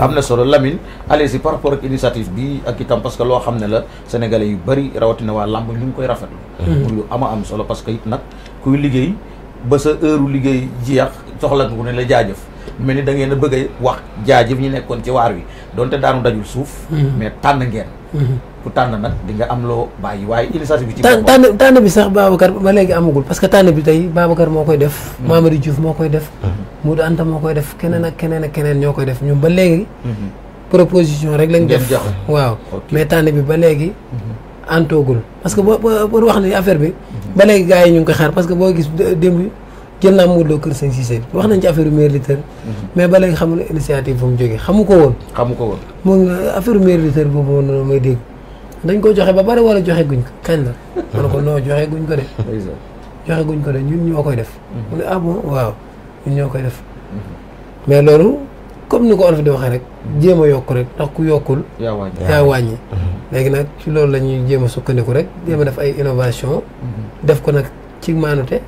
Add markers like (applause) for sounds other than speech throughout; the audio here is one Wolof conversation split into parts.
am na solo Lamine allez si par rapport ak initiative bi ak itam parce que loo xam ne la sénégalais yu bëri rawatina waa làmb ñu koy lu ama am solo parce que it nag kuy liggéey ba sa heure liggéey jeex soxla ko ne la jaajëf mel ni da ngeen a bëgg wax jaajëf ci wi donte daanu dajul suuf mais hmm. ngeen ku tànn nag di nga am loo bàyyi waaye illustration bi ci tànn tànn bi sax Babacar ba léegi amagul parce que tànn bi tey Babacar moo koy def mm-hmm. Mamadou Diouf moo koy def mm-hmm. Moudou Anta moo koy def keneen ak keneen ak keneen ñoo koy def ñun ba léegi mm-hmm. proposition rek lañ def waaw mais tànn bi ba léegi antoogul parce que boo pour wax ni affaire bi ba léegi gars yi ñu ngi xaar parce que boo gis démb jël naa Modou Lo kër wax nañ ci affaire maire lutteur mhm. mais ba léegi xamul initiative bu mu jógee xamu ko woon xamu ko woon moom affaire maire lutteur boobu noonu may dégg dañ ko joxe ba bari wala joxe guñ ko kañ la ma ne joxe guñ ko de joxe guñ ko de ñun ñoo koy def mhm. mu ne ah waaw ñun ñoo koy def mhm. mais loolu comme ni ko on fi di waxee rek jéem a yokk rek ndax ku yokkul yaa wàññi léegi nag ci loolu la ñuy jéem a sukkandiku rek jéem a def ay innovation def ko nag ci maanute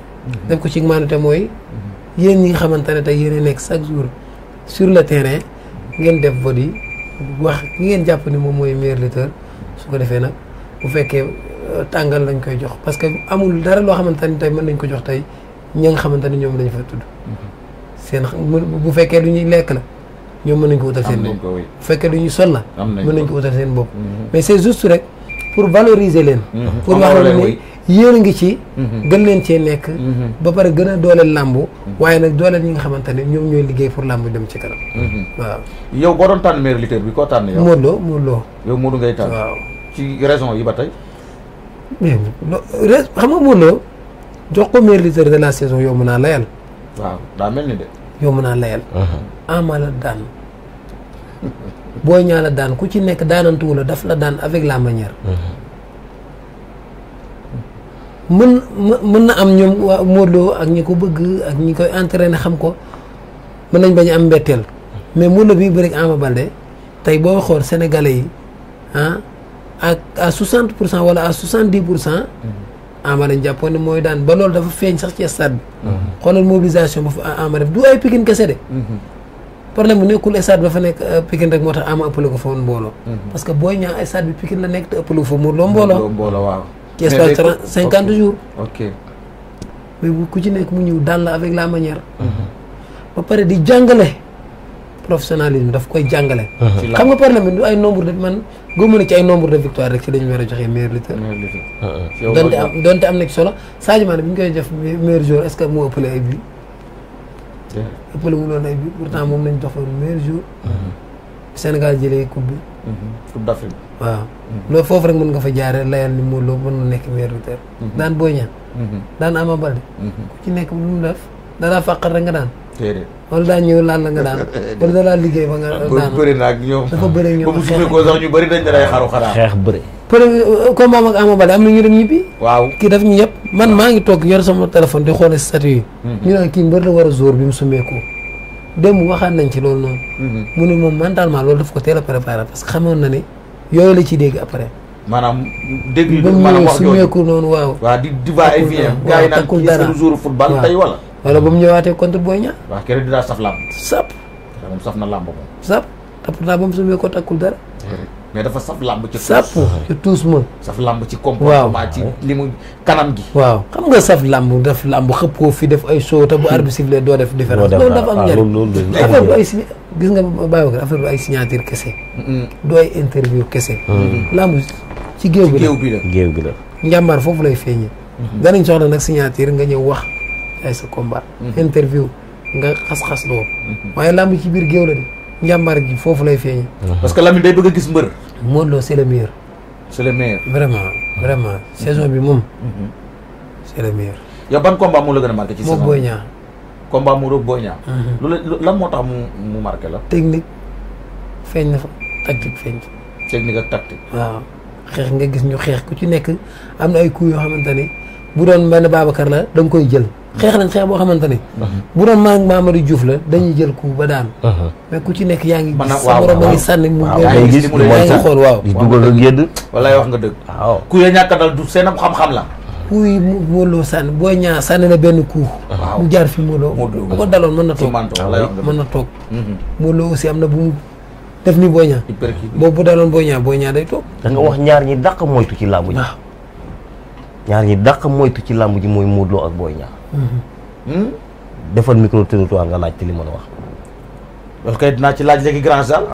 def ko ci maanute mooy yéen ñi nga xamante ne tey yéen a nekk chaque jour sur le terrain ngeen def vote yi wax ki ngeen jàpp ni moom mooy meilleur lutteur su ko defee nag bu fekkee euh, tàngal lañ koy jox parce que amul dara loo xamante ni tey mën nañ ko jox tey ñi nga xamante ni ñoom lañ fa tudd. seen bu fekkee du ñuy lekk la ñoom mën nañ koo utal seen bopp bu fekkee du ñuy sol la mën nañ ko utal seen bopp mm-hmm. mais c'est juste rek pour valoriser leen mm-hmm. pour wax ne yéen a ngi ci. Mhm. gën leen cee nekk. Mhm. ba pare gën a dooleel làmb. Mhm. waaye nag dooleel ñi nga xamante ne ñoom ñooy liggéey pour làmb dem ci kanam. waaw yow boo doon tànn meilleur bi koo tànn yow. Modou Lo Modou Lo. yi ba tey. mais jox ko meilleur saison yow mën naa layal. waaw daa mel ni de. yow mën naa layal. Uh-huh. Ama la daan booy ñaala daan ku ci nekk daanantuwu la daf la daan avec la manière. Uh-huh. mën mën na am ñoom waa Modou ak ñi ko bëgg ak ñi koy entraîné xam ko mën nañ bañ am mbetteel mais Modou Lo bii bëri Ama Baldé tey boo xool sénégalais yi ah, ak à 60 pour cent wala à 70 pour cent. Mm-hmm. Ama lañ jàppoon ne mooy daan ba loolu dafa feeñ sax ci stade bi. Mm-hmm. xoolal mobilisation ba fa Ama kese de. Mm-hmm. problème bu nekkul stade ba fa nekk euh, Pikine rek moo mbooloo. parce que booy ñaaw stade bi Pikine la nekk te ëppale ko fa Modou Lo mbooloo. mbooloo waaw. qui espère 30 50 jours. ok bu ku ci nekk mu ñëw daan la avec la manière. Mhm. ba pare di jàngale professionnalisme daf koy jàngale. Mhm. xam nga problème bi du ay nombre de man góobu na ci ay nombre de victoire rek ci dañu war a joxe meilleur lutteur. Mhm. donte am donte am na ci solo Sadio Mané bi ñu koy def meilleur joueur est-ce que moo ëppale ay buts. ëppale mu doon ay buts pourtant moom lañ jox meilleur joueur. Sénégal jëlee coupe bi. Coupe d'Afrique. waaw mhm. loolu foofu rek mën nga fa jaaree layal ni Modou Lo mën na nekk meilleur lutteur. Mhm. daan Boy Niang. Mhm. daan Ama Baldé. ku ci nekk lu mu def dalaa fàqal rek nga daan. déedéet wala daa ñëw laal la nga daan (laughs) wala dalaa liggéey ba nga daan bëri na ak ñoom dafa bëri ñoom ba mu sumee ko sax ñu bëri dañ dalay xaru xaraa xeex bëri për euh, combat ak Ama Baldé am na ñu dem ñibbi kii daf ñu yëpp man maa ngi toog yor sama téléphone di xoole statut yi ñu naan kii mbër la war a jour bi mu sumee démb waxaan nañ ci loolu noonu. Mhm. mu ne moom mentalement loolu daf ko teel a préparé parce que xamoon na yooyu la ciy dégg après. maanaam dégg yi maanaam wax jooju ba mu ñëw su meeku noonu waaw. waaw di di va et vient. waaw takkul ba mu ñëwaatee contre Boy Niang. waaw keroog dinaa saf làmb. sap. moom na làmb moom. sap te pourtant ba mu su meekoo takkul dara. mais dafa saf lamb ci saf ci tous ma saf lamb ci comportement ci limu kanam gi waaw xam nga saf lamb def lamb xep ko fi def ay show te bu arbitre le do def différence loolu dafa am ñari affaire bu ay si gis nga bàyyi ko affaire bu ay signature kese du ay interview kessé lamb ci géew bi la bi la géew bi la njàmbaar fofu lay feñi da nañ soxla nak signature nga ñew wax ay sa combat interview nga xas-xas do waye hmm. lamb ci bir géew la di njàmbaar gi fofu lay feñi parce que lamb day bëgg gis mbeur Modou c'est le meilleur. c'est le meilleur vraiment vraiment mm-hmm. saison bi mom. Mm-hmm. c'est le meilleur. yow ban combat mo le gëna marqué. ci saison Mo boña. combat mo rëbb boña. Niang. Mm-hmm. la motax moo tax mu mu marqué la. technique Feñ na fa tactique feñ. technique ak tactique. waaw Xex nga gis ñu xex ku ci nekk amna ay coup yo xamantani bu doon ben Babacar la dang koy jël xex nañ xex boo xamante bu doon maa ngi Mamadou Diouf la dañuy jël ku ba daan. mais ku ci nekk yaa ngi. mën na ngi sànni mu. ngi gis mu mooy xool waaw. di dugal ak yedd. wallay wax nga dëgg. ku ya ñàkk dal du seenam xam-xam la. coup yi mu Modou Lo sànni booy ñaar sànni na benn coup. mu jaar fi Modou Lo bu ko daloon mën na toog. mën na toog. Mhm. Modou Lo aussi am na bu mu def ni booy ñaar. boobu bu daloon booy ñaar day toog. da nga wax ñaar ñi dàq moytu ci làmb ji. ñaar ñi dàq moytu ci làmb ji mooy Modou Lo ak booy ñaar Hmm? defal micro territoire nga laaj ci li ma wax. parce que dinaa ci laaj léegi grand salle.